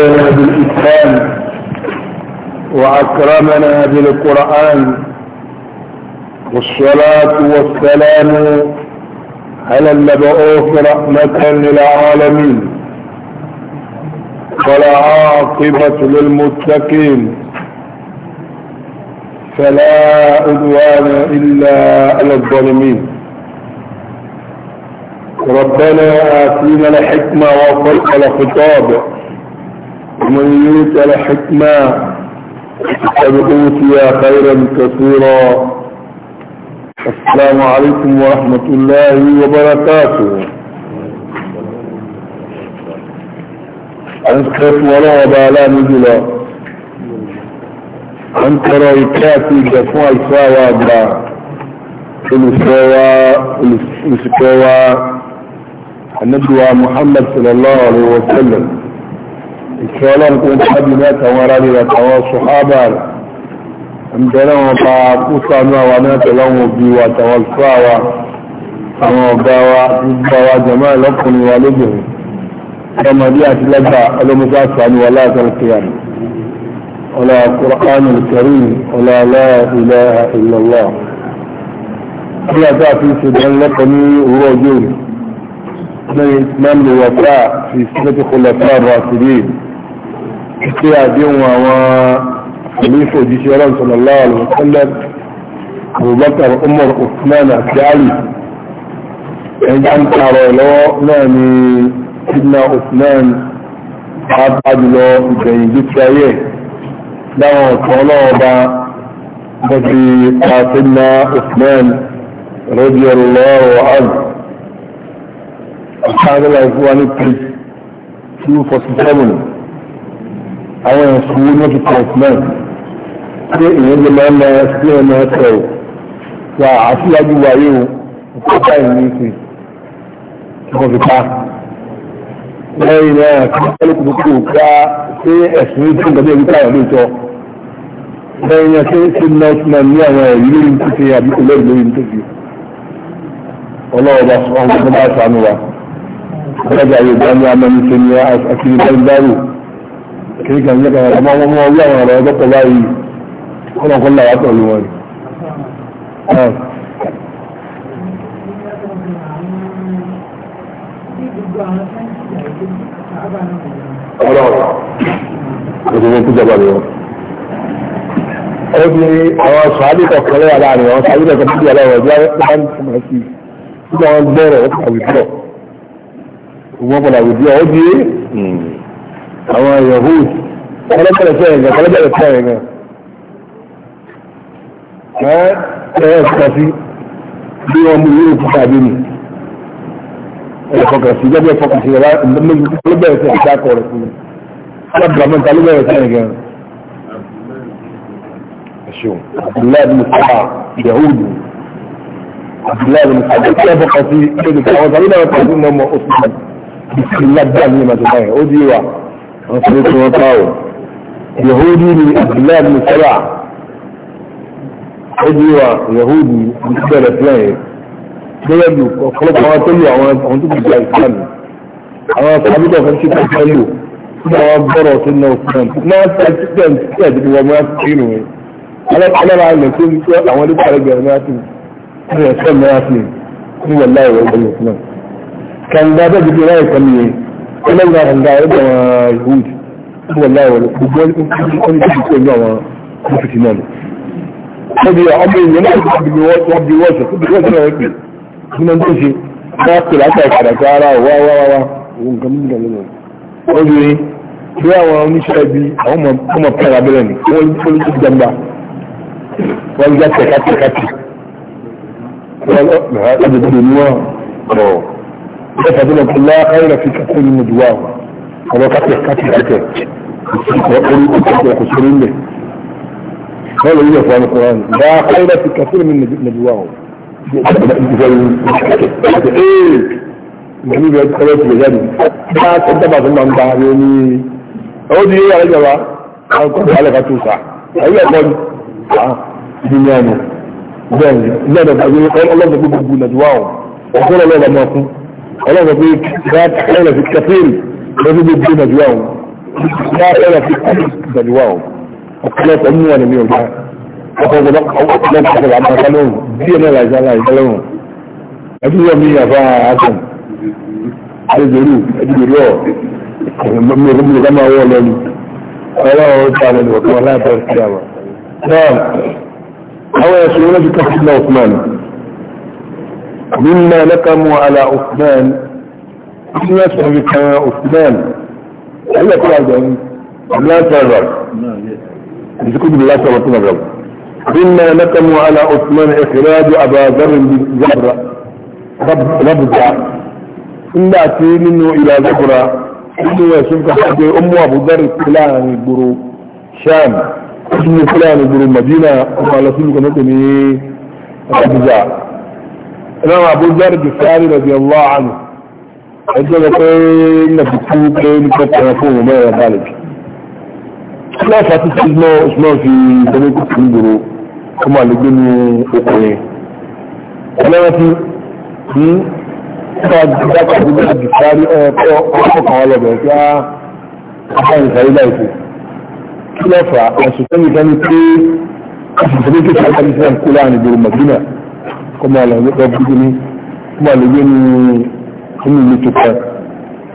أمرنا بالإسلام وأكرمنا بالقرآن والصلاة والسلام على المبعوث رحمة للعالمين فلا عاقبة للمتقين فلا أدوان إلا على الظالمين ربنا آتينا الحكمة وفلق الخطاب ومن يؤت الحكمة فقد أوتي خيرا كثيرا السلام عليكم ورحمة الله وبركاته أنت ولا وبالا نجلا أنت رأيكاتي جفوا الفاوى برا الإساوا الإسكوا النبي محمد صلى الله عليه وسلم ìṣọ́lọ́n kó ń tábí mẹ́ta wọn rárá rẹ̀ tàwọn ṣùhábà rẹ̀ ń bẹ̀rẹ̀ wọn bá kú sánú àwa náà tẹ̀láwọn òbí wa tàwọn ṣọ́ àwa àwọn ọ̀gá wa gbogbo àwa jẹ̀mọ́ ẹ̀lọ́kùnrin wa lóbìnrin ọmọdé àti lẹ́gbà ọlọ́mọdé sánú wa láàtọ̀ kíyàmù ọlá Qur'an al-Karim ọlá la ilaha illallah bí a dáa fi ṣe dán lẹ́kọ̀ọ́ ní òwúrọ̀ ọjọ́ òní lẹ́yìn islam lè wà fáà fi sílẹ̀ tó kọlẹ̀ fáà rọ̀ àṣírí tí àdéhùn àwọn ìlúfò jíṣẹ́ ọlọ́run sallallahu alaihi wa sallam Abubakar Umar Usman àti Ali ẹgbẹ́ ń tààrọ̀ lọ́wọ́ náà ni sidna Usman pàápàájùlọ ìgbẹ̀yìn jíṣẹ́ ayé láwọn ọ̀kan ọlọ́wọ́ bá bọ́sí pa sidna Usman radiyallahu anhu ọ̀kan ọlọ́wọ́ fún wa ní page 247 àwọn ẹ̀sùn wo ní ọdún twenty nine pé èèyàn lè máa ń lọ sí ọmọ ẹsẹ̀ o wà àṣìyájú wáyé o nǹkan báyìí ní ìpè tí wọ́n fi pa lẹ́yìn náà kí wọ́n lè kúrò kúrò ká pé ẹ̀sùn yìí tó ń gbàgbé ìwé táwọn lóòótọ́ lẹ́yìn náà pé ṣé north man ní àwọn ẹ̀rí lórí tó ṣe àbí kò lẹ́rìí lórí tó ṣe ọlọ́wọ́ bá sọ àwọn ọmọ bá sànù wa ọlọ́jà yóò gbá ní amẹ́ni ṣe ní akíní bá ń dárò kìí kan nípa ọmọ ọmọ ọlọ́ àwọn ọ̀rọ̀ ọgọ́pọ̀ báyìí wọ́n kọ́ láwá pẹ̀lú wọn ọ̀rọ̀ ọ̀rọ̀ tó jọba lọ obìnrin àwọn sàádì kọ̀ọ̀kan lẹ́yà láàrin àwọn sàádì kọ̀ọ̀kan tó yàrá ọ̀rọ̀ bí wọ́n bá ń fún wọn sí i wọ́n gbọ́rọ̀ ọ̀pọ̀ àwùjọ wọ́n pọ̀ àwùjọ ó di àwọn yahood kọlọ́bẹ̀rẹ̀ fẹ́ ẹ̀gàn kọlọ́bẹ̀rẹ̀ fẹ́ ẹ̀gàn ẹ́ ẹ̀ ẹ̀kọ́ sí bí wọ́n mú yóò fún tàbí nì ẹ̀fọ́kà sí jẹ́bẹ̀ ẹ̀fọ́kà sí ẹ̀rá kọlọ́bẹ̀rẹ̀ fẹ́ ẹ̀gàn kọ̀ọ̀rẹ̀ sí alábìràmọ́ kọlọ́bẹ̀rẹ̀ fẹ́ ẹ̀gàn ẹ̀ṣọ́ wọ́n fi tí wọ́n káwò yahudi ni abdullahi bin sara ó di wa yahudi ní ti bẹ̀rẹ̀ fúlẹ̀ bẹ́ẹ̀ lù ọ̀pọ̀lọpọ̀ àwọn tó lù àwọn àwọn tó gbìyà islam àwọn sábìtì ọ̀kan sí kan fẹ́ lù fún àwọn bọ́rọ̀ tó náà fún un náà ta ti tẹ̀ ń tẹ̀ ti wọ́n mọ́ wọn alára ilẹ̀ tó ń tẹ́ àwọn olùkọ́ àrẹ́gbẹ̀rẹ̀ náà ti ń rẹ̀ sẹ́mi náà ti ń wọ̀ láì wọ́n gbẹ̀rẹ̀ náà kàn gbà bẹ́ẹ̀ ẹlẹ́yìn náà ń gba ẹgbẹ́ àwọn ìwúd gbogbo ọláwọ̀ gbogbo oníṣẹ́jú pẹ̀lú àwọn ọ̀fìsì náà ni. wọ́n bí ọmọ ènìyàn náà wọ́n bí wọ́n bí wọ́n sọ fún bí wọ́n sọ wọ́n pè ní wọ́n tó ṣe wọ́n pè látà ìpadà tó ara wá wá wá òun kan mímú ìdàlẹ́ wọn. wọ́n bí bí àwọn oníṣẹ́ ibi àwọn ọmọ pẹ̀lú abẹ́rẹ́ ni wọ́n ń tó jàmbá wọ́n ń já tẹ̀kátẹ̀kátẹ̀ wọ́n lọ́ فضلك الله خير في كثير من دواوة هو كثير كثير كثير وقل كثير خسرين له قال لي في القرآن لا خير في كثير من نجواهم من يعني بيت خلاص بجد ما تصدق الله من بعدني اودي يا جماعه اقول على غتوسع هي قول اه دنيانا ده لا ده بيقول الله بيقول نجواهم وقول الله ما يكون ọlọ́run pé láàrẹ̀ fi kẹfẹ́rì lọ́dún bí gbé nàìjíríà wọn láàrẹ̀ fi kẹfẹ́rì nàìjíríà wọn ọ̀pọ̀lọpọ̀ mú wọn ní ọgbà ọ̀pọ̀lọpọ̀ àmàkálọ́run díẹ̀ náà láìsá láìsálọ́run ẹdúró mi yàfa àtọ̀n àdìgbèrú ẹdìgbèrú ọ̀ mọ̀lẹ́kọ́ máa wọ́ lọ́nu ọlọ́run tó àlẹ́ nìkan láìpẹ́ sí àwọn. náà àwọn ẹ̀sùn wọn ti kàfíńdà ọ̀tún مما لكموا على عثمان إن يسعبك عثمان هل يقول لا تغرب إذا كنت بالله سبحانه وتعالى مما لكموا على عثمان إخراج أبا ذر بزبرة رب ربجع إلا أتي منه إلى زبرة إنه يسعبك حتى أم أبو ذر فلان برو شام ابن فلان برو مدينة أم على سنك نتني ربجع imam abujar bisari radiyallahu anhu ẹjọ́ rẹ̀ pé na fìtú pé nípa tẹ̀rẹ̀ fún ọmọ ẹ̀rọ bá lẹ́bí kílọ̀fà ti ti lọ Usman fi gbẹ́mẹ́kù fún gbòrò kó máa lè gbé ní oko yẹn ọlọ́run ti ní nípa dákọ̀ abujar bisari ẹ̀kọ́ ọkọ̀ kan ọlọ́bẹ̀ sí á apá ìsàrí láìpẹ́ kílọ̀fà ẹ̀sùn tẹ́lifẹ́ ni pé ẹ̀sùn tẹ́lifẹ́ sí àkàlẹ́sẹ̀ kó láàrin gbòrò Madina kọmọ àlàyé gbogbo ní kọmọ àlàyé ní inú ìlú tó fẹ́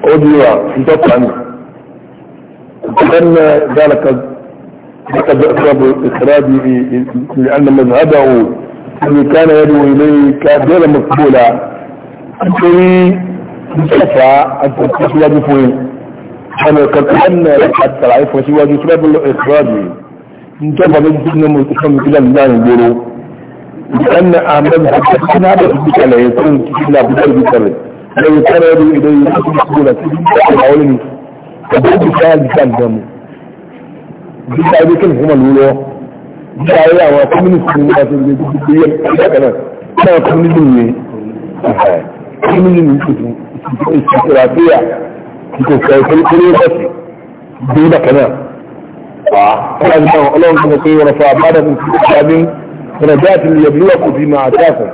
ó di wà ìjọba ní ìjọba ذلك ذكر أسباب إخراج لأن مذهبه الذي كان يدعو إليه كان غير أن تتسوى بفوين أنا كان لك الإخراج انتبه من جنة مستفى لأن أعمال حدثنا بسبك لا يكون إلا بدل بسبب لا يترد إليه يسبقون تحولني فبعد شهر بسان دمو بسا يمكن هم الولو بسا يا وكمنس من الناس اللي بيجي كذا كان كمنس من كمنس من استراتيجية كنت سايكل كل بس دون كلام اه الله الله يقول ورفع بعضهم في الشعبين درجات ليبلوكم فيما آتاكم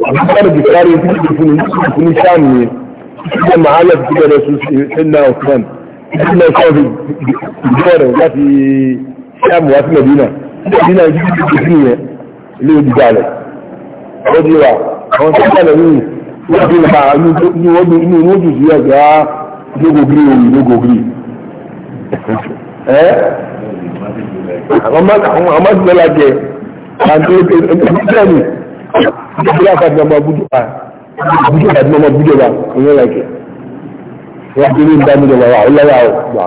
وكان بكار يتكلم في نشان كده معايا في كده رسول سيدنا عثمان سيدنا عثمان في الجوار ولا في الشام ولا في المدينة المدينة يجب الدفنية اللي هو بجالة رضي الله هو سيدنا مين يجب أن يوضي إنه موجود زيادة لوجو جري لوجو جري ها؟ عمال عمال بلاجه àti ìjọba àti ọmọ bújọba bújọba àti ọmọ bújọba ìyẹn lẹ́kẹ̀ wọ́n ti rí nǹkan bújọba wà ọlọ́wà wà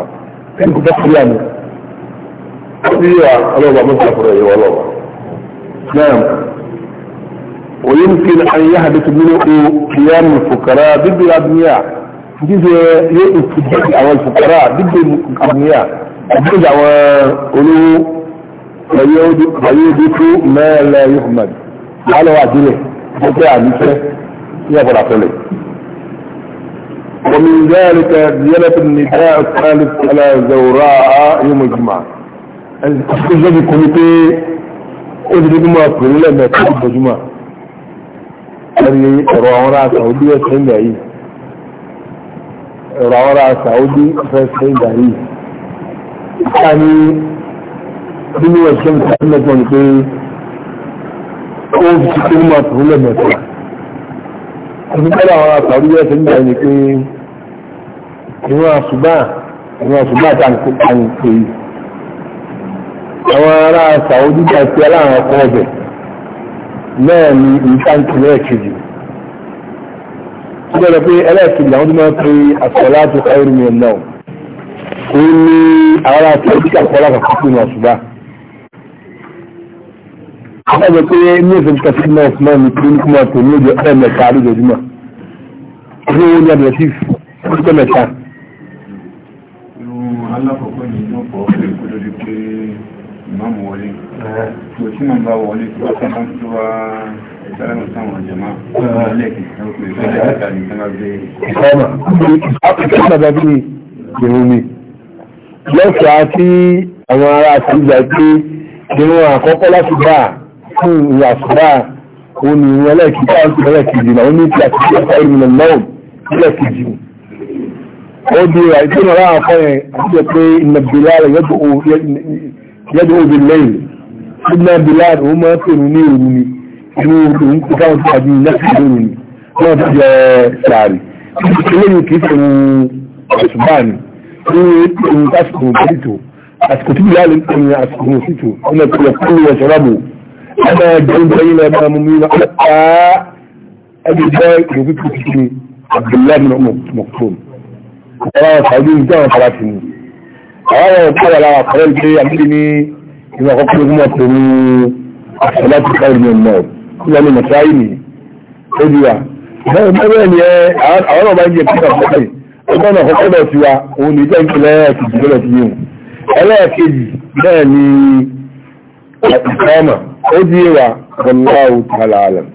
kí n kò fẹ́ kúrò àmì sí ọlọ́wà mọ́ta fúnra yìí wọ́n lọ́wọ́ náà ويمكن أن يحدث منه قيام الفقراء ضد الأبنياء جزء يؤتي أو الفقراء ضد الأبنياء ضد أو أولو fayédìkú mẹ́ẹ̀lẹ́ yohmed lálọ́wọ́ àdílẹ̀ tó jẹ́ àníṣẹ́ ní ọ̀pọ̀lá tẹ́lẹ̀ ومن ذلك ديانة النداء الثالث على زوراء يوم الجمعة التحقيق الذي كنت أدري بما أقول لما تحب الجمعة أري رعورة سعودية سعين دعي رعورة سعودي فسعين دعي يعني nínú ẹ̀ṣẹ́ ìtàkùnlẹ̀gbọ̀n pé ó fi ṣe kí wọ́n tó lẹ̀ mẹ́ta ọdún pẹ́lú àwọn àtàrí ẹ̀ṣẹ́ nígbà ni pé ìwọ̀n àṣùgbà ìwọ̀n àṣùgbà tàǹkà ń pè àwọn ará sàójú gbà pé aláwọn ọkọ̀ ọbẹ̀ náà ni ìtàǹkì lẹ́ẹ̀kejì ó bẹ̀rẹ̀ pé ẹlẹ́ẹ̀kejì àwọn tó máa ń pe àṣọlá tó káyọ̀ ní ẹ̀ ọ̀pọ̀ pé ní ìfẹ́ kẹfì nọ́ọ̀sì náà ní kí nígbà tó ní ojú ẹ̀mẹ̀ta lójoojúmọ́ ní owó ní adrẹ́sì fún ẹ̀mẹ̀ta. alákọ̀ọ́kọ́ ni inú ọkọ̀ ọ̀fẹ́ kó lórí pé ìmáàmù wọlé tó tí màá bá wọlé tó wọ́n máa ń tó wá ìsálámù sáwọn jẹ̀má lẹ́ẹ̀kì náà pé ìfẹ́ ẹ̀ka ní sábà gbé. ìfọ́nà áfíríkà sábà bí ìrùn mi lọ́sàá tí àwọn ará àti ìgbà pé ìrùn àkọ́kọ́ láti bá a fún ìyà ṣùgbà òun ni ìwọ̀n ẹlẹ́ẹ̀kejì náà ti ẹlẹ́ẹ̀kejì náà ó ní ti àti ìyà ṣáà ìrìnà náà ẹlẹ́ẹ̀kejì ó di ìwà ìdúnà láwọn afọ yẹn àti pé ìnà bìláàrẹ̀ yẹ́dùn òbí ó máa ń ọmọ ẹgbẹ̀rún yìí lẹ́ẹ̀ máa mú mi wá á ẹbí jẹ́ ìròkú tuntun Abdullahi Mokrom ọ̀rọ̀ ṣàbí ní jẹ́ àwọn farasi ni àwọn ọ̀rọ̀ kọ́ wà lára àkọ́rẹ́ ìgbé àbílí ní ìwà àkọ́kọ́ fún ọ̀pọ̀ ní àṣọláti káwọn ènìyàn náà tí wọ́n ní mọ̀sáyì ni ó di wa bẹ́ẹ̀ ni àwọn ọmọ ìjẹ́ pípa ọ̀pọ̀ ọgbọ́n náà kọ́kọ́ bẹ̀ sí wa òun ní jẹ́ ìpínlẹ̀ ẹ̀kejì lọ́lọ́ sí yìí ẹlẹ́ẹ̀kejì bẹ́ẹ̀ ni ìkọ́mà ó di wa wallahu ta'ala alam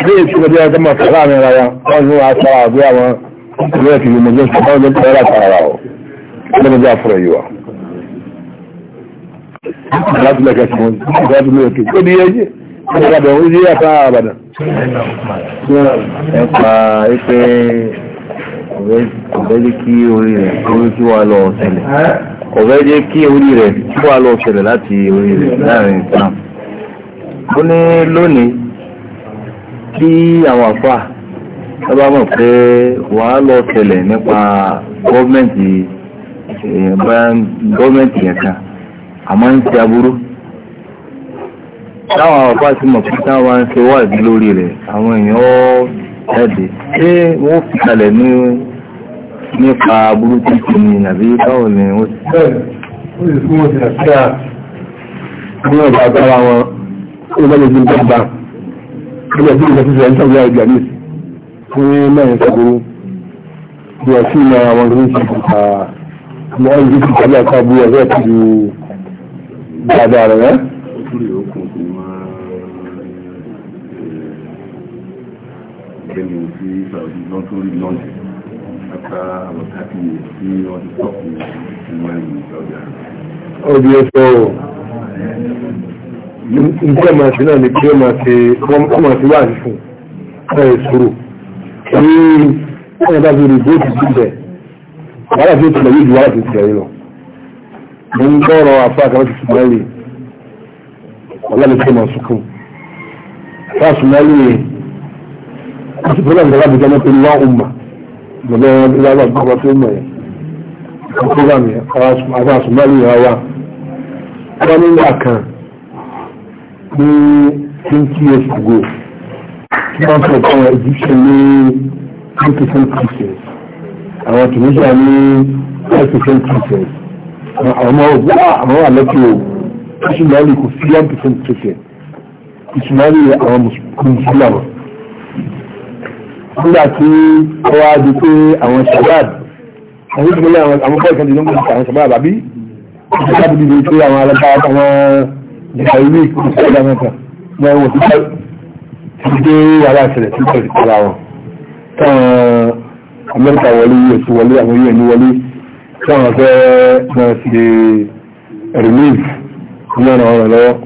ilé ìṣúná bí ẹgbẹ́ máa fara mi rárá wọ́n ní wọ́n aṣọ àbí àwọn ìlú ẹ̀kì ìlú mọ̀jọ́ sí wọ́n lọ́pọ̀ ẹ̀rọ àtàrà ọ̀ ọlọ́mọdé àfúrẹ̀ yìí wa láti lẹ́kẹ̀ẹ́ sí wọn láti lẹ́kẹ̀ẹ́ sí ó di ẹjẹ́ ìgbàgbọ́ ó di ẹ̀ka àbàdà. ẹ̀ka ipe ọ̀rẹ́ jẹ́ kí orí rẹ̀ orí kí wà lọ ọ̀sẹ̀lẹ̀ ọ̀rẹ́ jẹ́ kí orí rẹ̀ kí wà lọ ọ̀sẹ̀lẹ̀ láti orí rẹ̀ láàrin ìtàn ó ní lónìí kí àwọn àfà lọ́bàá mọ̀ pé wà á lọ tẹ̀lẹ̀ nípa gọ́ọ̀mẹ̀ntì eh, gọ́ọ̀mẹ̀ntì ẹ̀ka àmọ́ ń ṣe aburú táwọn àfà sí mọ̀ pé táwọn ń ṣe wáàdí lórí rẹ̀ àwọn èèyàn ẹ̀dẹ̀ ṣé wọ́n fi kalẹ̀ ní nípa aburú títí ni àbí ni wọ́n ti. ó bá lè di nǹkan bá ó bá sí nǹkan sísè ẹ̀ńtà wíwá ìgbà ní fún mẹ́rin sàgbóró bí wọ́n sì máa wọn kì í ṣe kìkà mọ́ ìdí ti tàbí àkọ́ àbúrò ọ̀rẹ́ ẹ̀ tìlú dáadáa rẹ̀ Bẹ́ẹ̀ni o ti nígbà máa ṣe náà ni pé wọ́n máa ṣe wọ́n máa ṣe wá àṣìṣùn ẹ̀ ṣòro ní wọ́n bá fi rìbó ti ti bẹ̀ wàhálà tó tilẹ̀ yìí ju wàhálà tó tilẹ̀ yìí lọ. mo ń gbọ́rọ̀ apá àkàrà ti ṣùgbọ́n lè ọ̀la lè ṣe máa sunkún. apá àṣùgbọ́n lè àti pẹ̀lú àgbàlá àbújá náà pẹ̀lú wàhùn mà lọ́dọ̀ ẹ̀rọ àgbàlá tó mọ̀ yẹn. àpá àṣùgbọ́n lè yà wá. wọ́n pé twenty years ago tí wọ́n sọ fún àwọn egyptian ní two percent christians àwọn tunisia ní five percent christians àwọn ọmọ ọgbà àwọn wà lẹ́kì o ìsúmọ́lì kò sí one percent christian ìsúmọ́lì àwọn mùsùlùmí àwọn nígbà tí ọwọ́ adi pé àwọn shabab àwọn ìsúmọ́lì àwọn bọ́ọ̀kẹ́ ti ní wọ́n mú àwọn shabab àbí ìsúmọ́lì bí i pé àwọn alábàá àwọn nípa ilé ìpínlẹ̀ ìpínlẹ̀ mẹ́ta wọ́n wò títà ti dé aláṣẹlẹ̀ tí kò ìpínlẹ̀ wọn táwọn amẹ́ríkà wọlé us wọlé àwọn un wọlé táwọn fẹ́ máa ṣe relief ní ọ̀nà ọ̀rọ̀ lọ́wọ́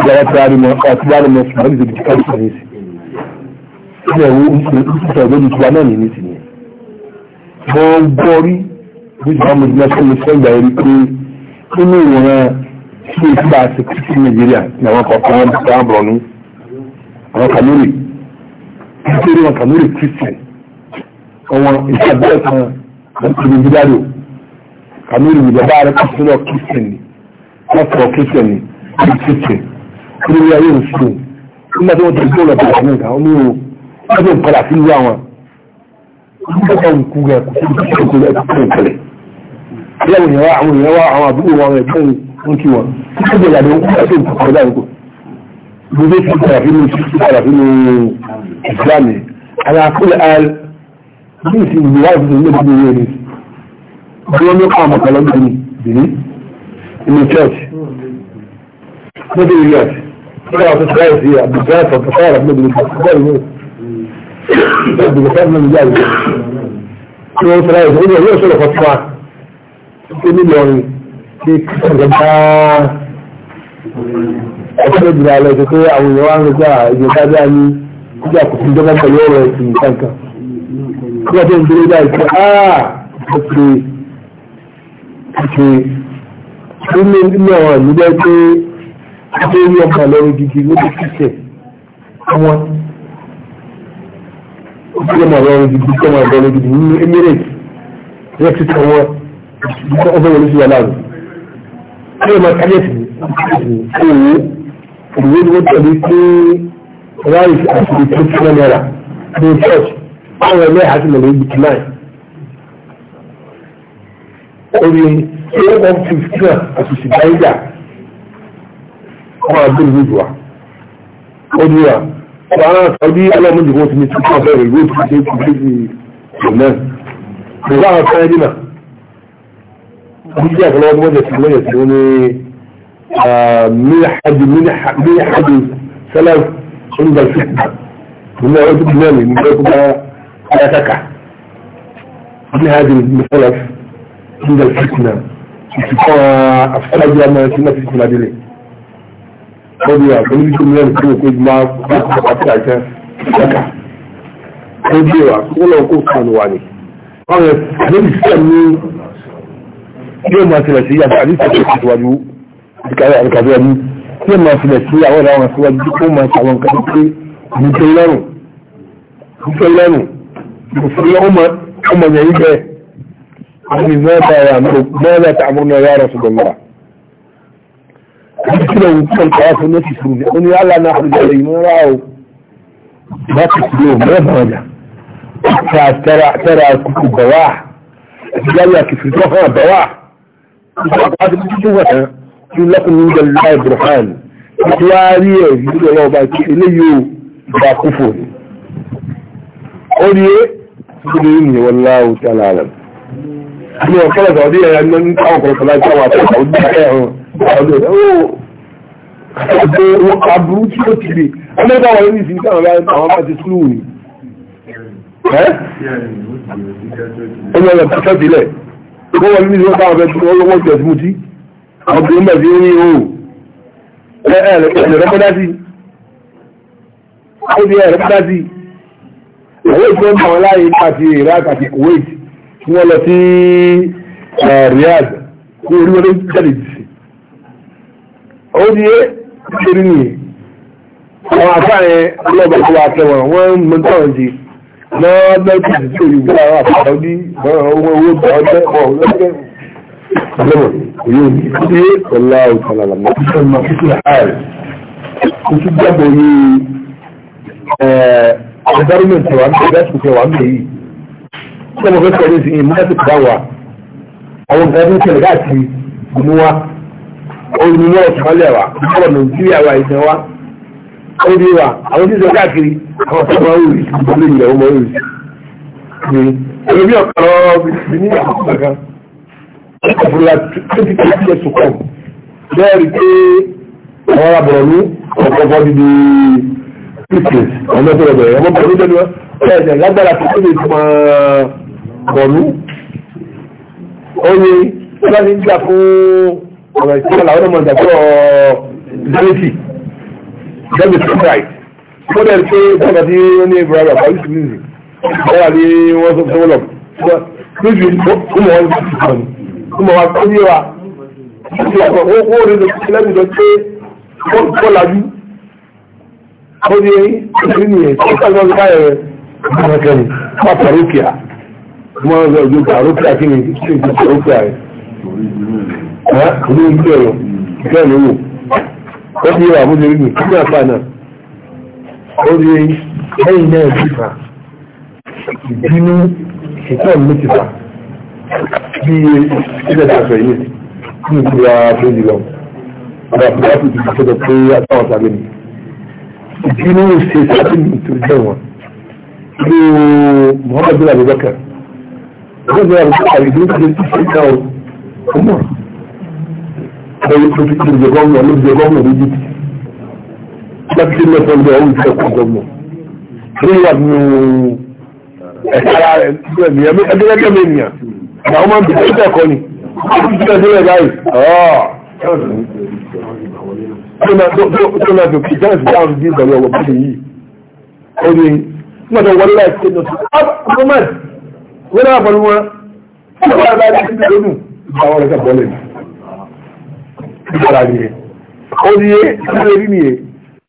ìjọba tí a rí mọ́ àti bá rí mọ́ ṣùgbọ́n ìdíje ti káàkiri sọ̀rọ̀ sí ilẹ̀ wo ń sọ lórí tiwa náà nìyí sí ni wọ́n gbọ́ rí bí ìjọba mo ti mọ́ sọ́ọ́ mi sọ́ọ́ ìgbà yẹn rí pé nínú ìwọ̀n tí o bá ti kú sí Nàìjíríà ní àwọn kọ̀ọ̀kan wọn bá bọ̀ ní àwọn kàmúrì nítorí wọn kàmúrì Christian ọwọ́ ìṣàbẹ̀rẹ̀ kan àti Nàìjíríà lò kàmúrì ìjọba rẹ̀ kò sílọ̀ Christian ni wọ́n sọ̀rọ̀ Christian ni ní Christian kí ni ayé ń sùn nígbà tí wọ́n ti gbọ́ lọ́pọ̀ àwọn nǹkan ó ní o wọ́n ti ń padà sí ìlú àwọn nígbà tí wọ́n kú rẹ̀ kò sí ìdíje ìkọlẹ̀ ìkọlẹ̀ ìyàwó ìyàwó àwọn àbúrò wọn rẹ̀ bẹ́ẹ̀ ń kí wọn tí wọ́n jẹ ìyàdó wọ́n fẹ́ kó kọjá ìkó gbogbo tí wọ́n fi mú sí padà sínú ìsìlámì àwọn akúlẹ̀ al ní ìsìn ìlú wáyé tuntun ní ìdílé rẹ̀ bí wọ́n ní kọ́ àwọn ọ̀pọ̀lọ́ ní bìní inú church níbi ìlú ọ̀t nígbà wọn tó ti láì sí àbùkù àtọ̀ tó fáwọn àbúrò bìní bọ́ọ̀lù ní àbùkù fáwọn àbúrò bìní bọ́ọ̀lù ní wọ́n ti láì sí ó ní ọ̀rẹ́ ìṣòro kan fún wa ó ní ìlọrin pé kíkọ̀ọ́ bá ọ̀pọ̀lọpọ̀ jùlọ alẹ́ ṣe pé àwọn èèyàn wá ń rẹjá ìjọba bí a ní kíkà kò sí ìjọba pẹ̀lú ọ̀rọ̀ ẹ̀sìn nǹkan kan kí wọ́n tó ń dúró dá ìṣe áà ó ṣe ṣe nínú ilé ọ̀rọ̀ nígbà pé a tó rí ọkọ̀ lọ́rọ̀ gidi lórí kíkẹ̀ wọn ó ti lọ́mọ lọ́rọ̀ gidi kọ́mọ lọ́rọ̀ gidi nínú Emirates rẹ̀ ti tọ̀ wọn ọ̀fẹ́ wọlé sí wa láàrú káyọ̀ máa káyọ̀tì òwò òwò ni wọ́n tẹ̀lé pé rice àti ìtúntún náà náírà ní church báwọn ẹlẹ́yà àti mọ̀lẹ́ ibi tí náà orí eight one fifteen àti sìgáyà ọmọ àgbẹ̀ ìlú ìdùwà orí wa ọba náà sọdí alámọ̀dé wọn ti ní tuntun ọ̀fẹ́ rẹ̀ yóò tún ṣe é kúrò sí ìlú náà. Ìgbà àwọn fẹ́rẹ́ dínà. bí àgbàlọ́ ọdún mọ́jẹ̀ sí mọ́jẹ̀ sí ní mílíọ̀dù mílíọ̀dù sẹ́lẹ̀m ṣúndàlfì nínú ọdún tó náà nínú ọdún bá ayataka mílíọ̀dù sẹ́lẹ̀m ṣúndàlfì náà ìsìnkọ́ afẹ́lájú àmọ́ sí náà fífi náà délé lọ́dún yà pẹ̀lú tó mílíọ̀dù tó kó jùlọ àti àjẹ ìsìnkà lọ́dún yà kó lọ́kọ̀ kan wà ní. wọ́n yẹ yóò máa tilẹ̀ sí àti àdìsí tó tẹ̀síwájú àbíkàbí ẹni yóò máa tilẹ̀ sí àwọn ìlànà àwọn síwájú tó máa ṣàwọn nǹkan tó pé mo fẹ́ lẹ́rùn mo fẹ́ lẹ́rùn mo fẹ́ lẹ́rùn mo ọmọ yẹn bẹ́ẹ̀ àti mẹ́ta ẹ̀yà mẹ́ta ẹ̀ta àmúrú náà yára ṣùgbọ́n mọ́ra. Ibi tí lóun kàn kọ́ fún ní kìsìrì ní ó ní àlà náà àrùn jẹ́ ìmú rà ó. Bá kìsìrì tó hàn bẹ̀wà. بعد بجوة لكم من الله برهان ìwárí ẹ̀ yìí lọ́wọ́ bá ti eléyìí ò bá kú fò ní ó rí é gbogbo ìrìn wọn láwọ́ tí a lára ní ọ̀pọ̀lọ̀ sọ̀dí ẹ̀yà ní ọdún táwọn ọ̀pọ̀lọpọ̀ láti àwọn àtàkà ojú ìwọ́n wọlé ní ìwọ́n táwọn fẹ́ lọ́wọ́ tẹ̀ fún ti àwọn tó ń bẹ̀ ní o ẹ̀rẹ̀pẹ́dá sí ó di ẹ̀rẹ̀pẹ́dá sí bọ̀ láyé àti Iraq àti Kuwait tí wọ́n lọ sí Riyadh ní orí wọlé jáde sí ó di é ṣe rí lọ́wọ́ lọ́jọ́ ìdíje òyìnbó àwọn àpàdé ní ọwọ́ owó ọjọ́ ọ̀rọ̀ lọ́wọ́ yóò ní ṣe ọ̀la òtàlàlà mọ́ kíkọ́ ìmọ̀ kíkọ́ ààrẹ kò tún gbàgbọ́ ní ẹ̀ẹ́dárúmẹ̀ntì wa ní ẹ̀dásùkẹ́ wa ní èyí tí wọ́n fẹ́ sọ̀rọ̀ sí ìmọ̀ láti ọ̀tún wa lẹ̀ wa àwọn tí wà àwọn tí sọ káàkiri àwọn tó máa wù ìṣòro ìyàwó máa wù sí ẹ̀rọ bí ọ̀kan ọ̀rọ̀ bí ní àkókò kan ọ̀fúnla twenty twenty years to come bẹ́ẹ̀ rí pé àwọn abọ̀rọ̀ ní ọ̀pọ̀pọ̀ dídí christians ọmọ tó rọ̀bẹ̀ ọmọ bọ̀rọ̀ ní jẹ́nu ẹ̀ẹ́dẹ̀ lágbára tó tó lè mọ bọ̀rọ̀ oye ọlọ́ni ń gbà fún ọ̀rọ̀ ìṣẹ́lá ọlọ́mọdàgbọ́ ìdálẹ́sì that's the true price ó dẹ̀ pé bọ́ọ̀lù tí ó ní ibrahim àbáyé sí nìyí wọ́n wà ní wọ́n sọ fún ọlọ́m lójú ìmọ̀ wọn ti sọ ní ìmọ̀ wa tó yé wa ó rí lọ sí lẹ́nu jọ pé wọ́n lajú ó ní ìrírí nìyẹn tí ó sàgbọ́n ká yẹrẹ ọmọ kẹrin wà pàrókìá wọ́n lọ ju pàrókìá kí ni kí ni pàrókìá rẹ̀ ẹ̀ ní ìgbẹ́ rẹ̀ ìgbẹ́ rẹ̀ wò ó fi wà múlẹ̀ rí nìkú náà fà náà ó rí ẹ̀yìn náà fífà ìbínú ìtàn ló ti fà bí ilẹ̀ ìfàṣọ yìí ní ìtura tó yìí lọ ọ̀dà fúláfù ti fọ́dọ̀ pé àtàwọn sáré mi ìbínú ṣe sáré mi tó jẹ́ wọn ní Muhammadu Abubakar Muhammadu Abubakar ìbínú ti ṣe ìtàn ọmọ lórí tó ti jẹ gómìnà ló jẹ gómìnà lójú tí láti ṣe mẹ́fọ́ ní ọ̀hún ìfẹ́ kọ́ gómìnà tí wà nínú ẹ̀ka rẹ̀ ní ẹ̀mí ẹgbẹ́gbẹ́ mi nìyà àwọn ọmọ ìbí tó tẹ̀kọ́ ni wọ́n ti tẹ̀ sílẹ̀ báyìí tó náà tó kí jẹ́rìí sí dáhùn sí ìgbàlẹ̀ ọ̀wọ̀ báyìí yìí ó ní wọ́n tó wọlé láì ṣe lọ́sí ọmọ ìwé náà fọ́nù wọn ó wà láì ṣe lọ́nù ìgbà wọn rẹ̀ kà bọ́ọ̀lẹ̀ yìí ìgbàlá nìyẹn ó ní yé ìdílé rí nìyẹn